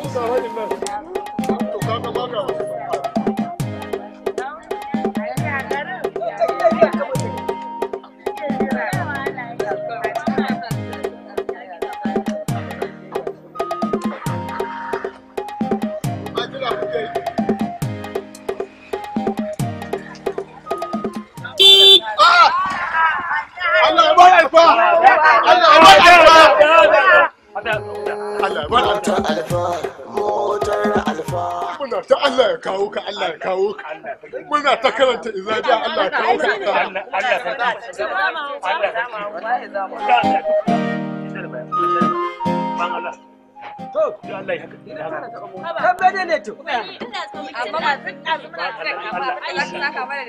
Ah! Allah ya bar alfa mota alfa motar alfa muna ta Allah ya kawo ka Allah ya kawo ka muna ta karanta izabiya Allah ya kawo ka Allah ya kawo ka Allah ya Kan ne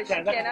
ka Ina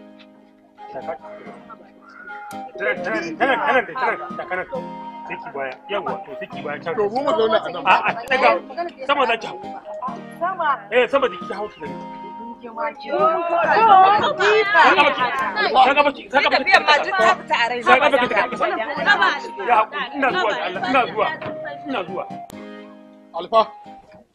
saki baya yawa a hau sama eh sama jiki hau daga Alfa.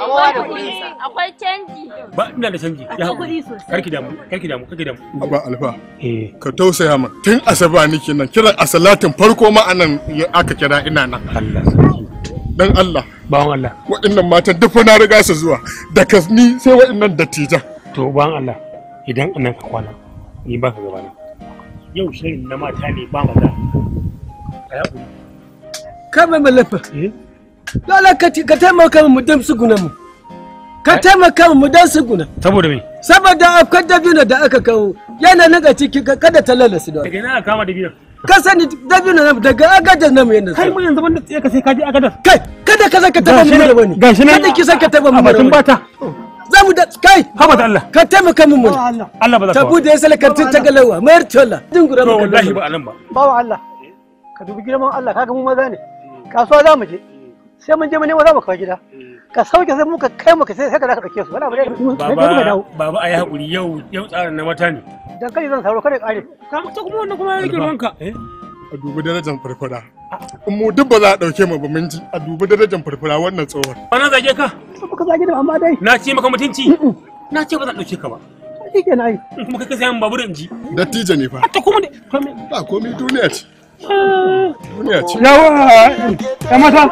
kowa da kuɗin sa akwai canji ba ina da canji ya hakuri karki damu karki damu karki damu ba alfa eh. ka tausaya ma. tun asaba nake nan kiran asalatin farko ma anan aka kira ina nan Allah dan Allah bawan Allah waɗannan matan duk na riga su zuwa da ni sai waɗannan dattijan to bawan Allah idan anan ka kwana ni ba ka gabana yau shirin na mata ne ba maza ka yaƙuri ka mai malafa eh? Dole ka taimaka mu don su guna mu. Ka taimaka mu don su guna. Saboda me? Saboda akwai dabino da aka kawo yana nan a ciki kada ta lalace da. Daga ina ka kama dabino? Ka sani dabino na daga agadar namu yana. Kai mun yanzu banda ka sai ka je agadar. Kai kada ka saka taba mu da wani. Gashi nan. Kada ki saka taba mu da wani. bata. Za mu da kai. Haba da Allah. Ka taimaka mu mun. Allah ba za ka. Tabu da ya salakantin ta galawa. Mayar tola. Dingura mu. Wallahi ba anan ba. Bawa Allah. Ka dubi girman Allah kaga mu maza ne. Kasuwa za mu je. sai mun je mun nemo za mu kawo gida eh. ka sauke sai muka kai muka sai ka zaka dauke su wala bare baba baba ayi hakuri yau yau tsarin na mata ne dan kai zan sauro kada kare ka mutu kuma wannan kuma yake eh a dubi darajar farfara in mu duk ba za a dauke mu ba mun ji a dubi darajar farfara wannan tsohon wannan zage ka muka zage da amma dai na ce maka mutunci na ce ba za a dauke ka ba shi na yi. kuma kai ka sayan babur in ji dattijo ne fa ta kuma ba komai duniya ce yawa ya mata